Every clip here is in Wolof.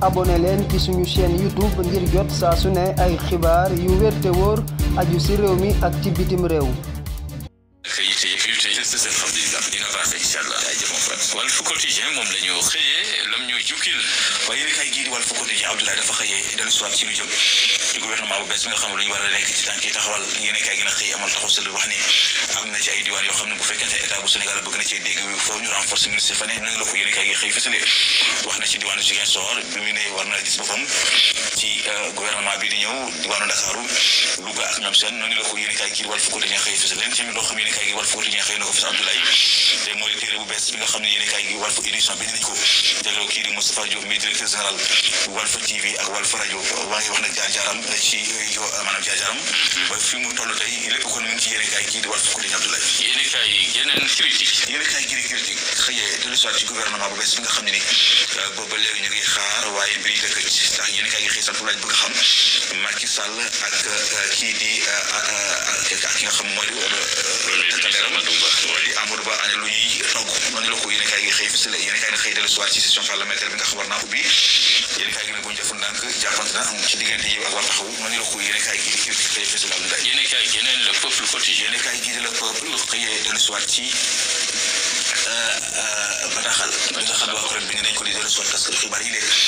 abonné leen ci suñu chaîne YouTube ngir jot saa su ne ay xibaar yu wér te wóor aju ci réew mi ak ci bitim réew. Walf Quotidien moom la ñu xëyee lam ñu jukkil waaye yéen kay gii dafa xëyee dellu si waat ci lu jëm ci gouvernement bu bees nga xam ne lu war nekk ci tànk yi taxawal yéen kay gën a xëy amal taxaw selu wax ni am na ci ay diwaan yoo xam ne bu fekkente état bu Sénégal bëgg na cee dégg foofu ñu renforcer ministre fa ne nañ la ko diwaanu Ziguinchor bi mu ne war na gis boppam ci euh, gouvernement bi di ñëw diwaanu Ndakaaru Louga ak ñoom seen noonu la ko yéen kaay gi wàl fu quotidien xëy fësal leen tamit loo xam yéen kaay gi wàl fu quotidien xëy na bu bees bi nga xam ne yéen kaay gi wàl fu édition bi dinañ ko delloo kii di Moustapha Diop mi directeur général Walf TV ak Walf rajo waa ngi wax nag jaar jaaram ci euh, yo maanaam jaar fi mu toll tey lépp kon mu ngi ci yéen kaay gii di wàllu ko di Abdoulaye yéen kaay yeneen critique yéen kaay gii di critique xëyee dellu ci gouvernement bu bees bi nga xam ne ni euh, booba léegi ñu ngi xaar waaye mbir yi dëkk ci ndax yéen kaay gi xëy sant laaj bëgg xam Macky Sall ak euh, kii di euh, ak ki nga xam moo a mooy tey bis la yéen kay na xëy dellu si waat ci session parlementaire bi nga xabar naa ubbi yéen kay gi ne bu ñu defoon ndànk jàppante na am ci diggante yi ak war taxawu noonu la ko yéen kay gi di xëy fës la Abdoulaye yeneen kay gi di le peuple xëyee dellu waat ci euh, euh, bataaxal bataaxal boo xam ne bind nañ waat parce que xibaar yi léegi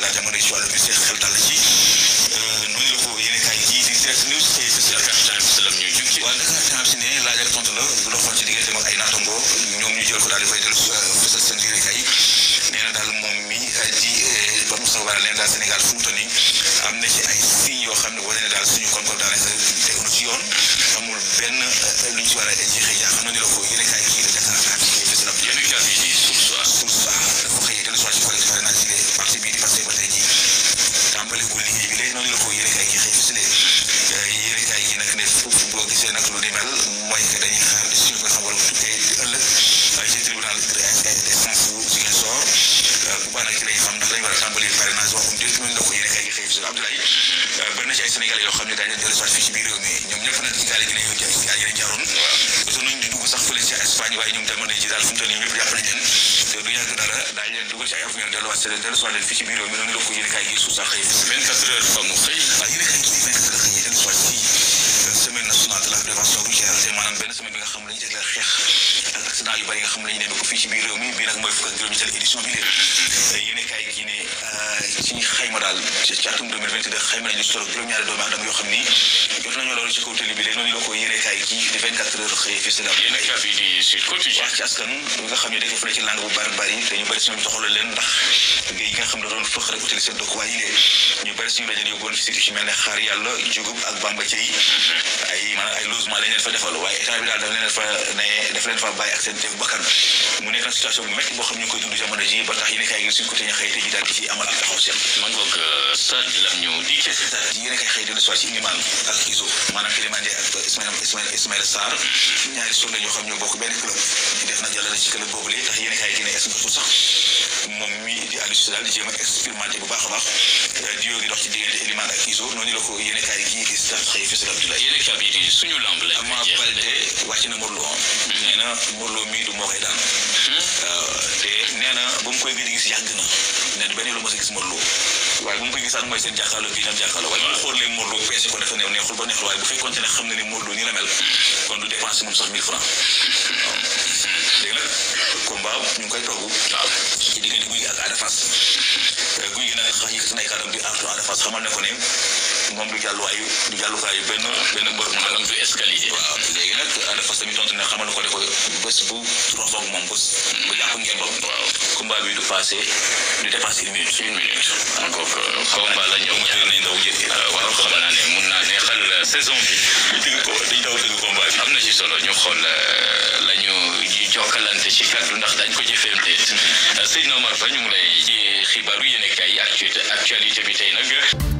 El Hadj Amady si wàllu bi seen xel dal ci noonu euh, la ko yéen a kaay gii di direct news tey si Dakar Times la ñu jug ci waa la bu doxoon ci diggante ak ay naatango ñoom ñu jël ko daal di fay dellu euh, fësal seen yéen a na daal moom mi di Pape Moussa Wara nee na daal Sénégal nag la ko yéene kaay gi xëy fësale eh, yéene kaay gi nag ne foofu boo gisee nag lu ni mel mooy que dañuy xaar suñu ko xamal su koy ëllëg eh, ci tribunal d'instance bu Ziguinchor eh, bu baax nag ci lañ xam ndax lañ war a tàmbali parrainage waxum déet mën na ko yéene ay Sénégalais yoo xam ne daañu dellu soit fii ci biir réew ñoom ñëpp ci gaal gi lañu jaaroon jotoon nañ di dugg sax fële ci Espagne daal fu mu nii dugal ci ay avenir delluwaat seen dellusiwaat leen fii ci biir réew mi noonu la ko yéen kaay gi suuf sax xëy 24 heures fa mu xëy waaw yéen kaay gi 24 heures xëy dellusiwaat ci semaine nationale de la prévention routière maanaam benn semaine bi nga xam ne dañu jagleel xeex accident yu bëri nga xam ne ñu ne ko fii ci biir réew mi bii nag mooy fukk ak juróom ñetteelu édition bi léegi euh, yéen kaay gi ne euh, ci xayma daal ci atum 2022 xayma nañu solo juróom-ñaari doomi aadama yoo xam ni jot nañoo loolu ci kaw télé bi léegi noonu la ko yéen kaay gi di 24 heures xëy fi sina wax ci askan bi nga xam ne dëkk fële ci langue bu bari bari te ñu bëri si ñoom soxla leen ndax géej gi nga xam ne doon fëx rek utali seen dëkkuwaay yi ñu bëri si ñu dajale yóbboon fi si mel ne xaar yàlla jugub ak bamba mhm. ay maanaam ay logement lañ leen fa defal waaye état bi daal daf leen fa ne daf leen fa bàyyi reytanteeg bakkan mu nekk situation bu métti boo xam ñu koy dund jamono ji ba tax yéen a kaay gi suñ ko ji daal ci amal ak taxaw seen man ngoog euh, stade bi la ñu di ci stade yéen a kaay soit ci Iliman ak Iso maanaam Iliman Ndiaye ak Ismaïla Ismaïla xam ñoo bokk benn club na jàllale ci club boobu li tax yéen gi ne est bu baax a baax jour noonu la ko yéen kaay gii di stade xëy Fassal Abdoulaye. yéen kaay bii di suñu lamb lañ. Ama Baldé wàcc na Modou Lo. Hmm. nee na Modou Lo mii du moo koy daan. Hmm. Euh, te nee na ba mu koy gëj gis yàgg na. nee na benn lu ma si gis Modou Lo. waaye bu mu koy gisaat mooy seen jàkkaarloo bii tam jàkkaarloo. waaye bu hmm. xoolee Modou Lo peese ko dafa neex neexul ba neexul waaye bu fekkoon ne xam na ne Modou Lo nii la mel. kon du dépensé moom sax 1000 francs. dégg nga combat ñu ngi koy togg. waaw ah. ci diggante guy gi ak Ada Fass. guy gi nag xëy na yëkkati na ay kàddu bi ànd ak Ada Fass xamal na ko ne. moom du jàlluwaayu du jàllukaayu benn benn mbër maanaam du escalier waaw léegi nag Ada Fass tamit tontu ne xamal ko ne ko bés bu bi du passé du dépassé une minute une minute encore combat la ñëw mujj nañ daw jëf waaw xam naa ne mun naa neexal euh, saison bi ñu tëgg ko dañ daw ci solo ñu xool euh, la ñu jokkalante ci kaddu ndax dañ ko jëfeem déet mm-hmm. euh, sëñ Omar Ba ñu ngi lay ci xibaaru yéene kaay actualité bi tey nag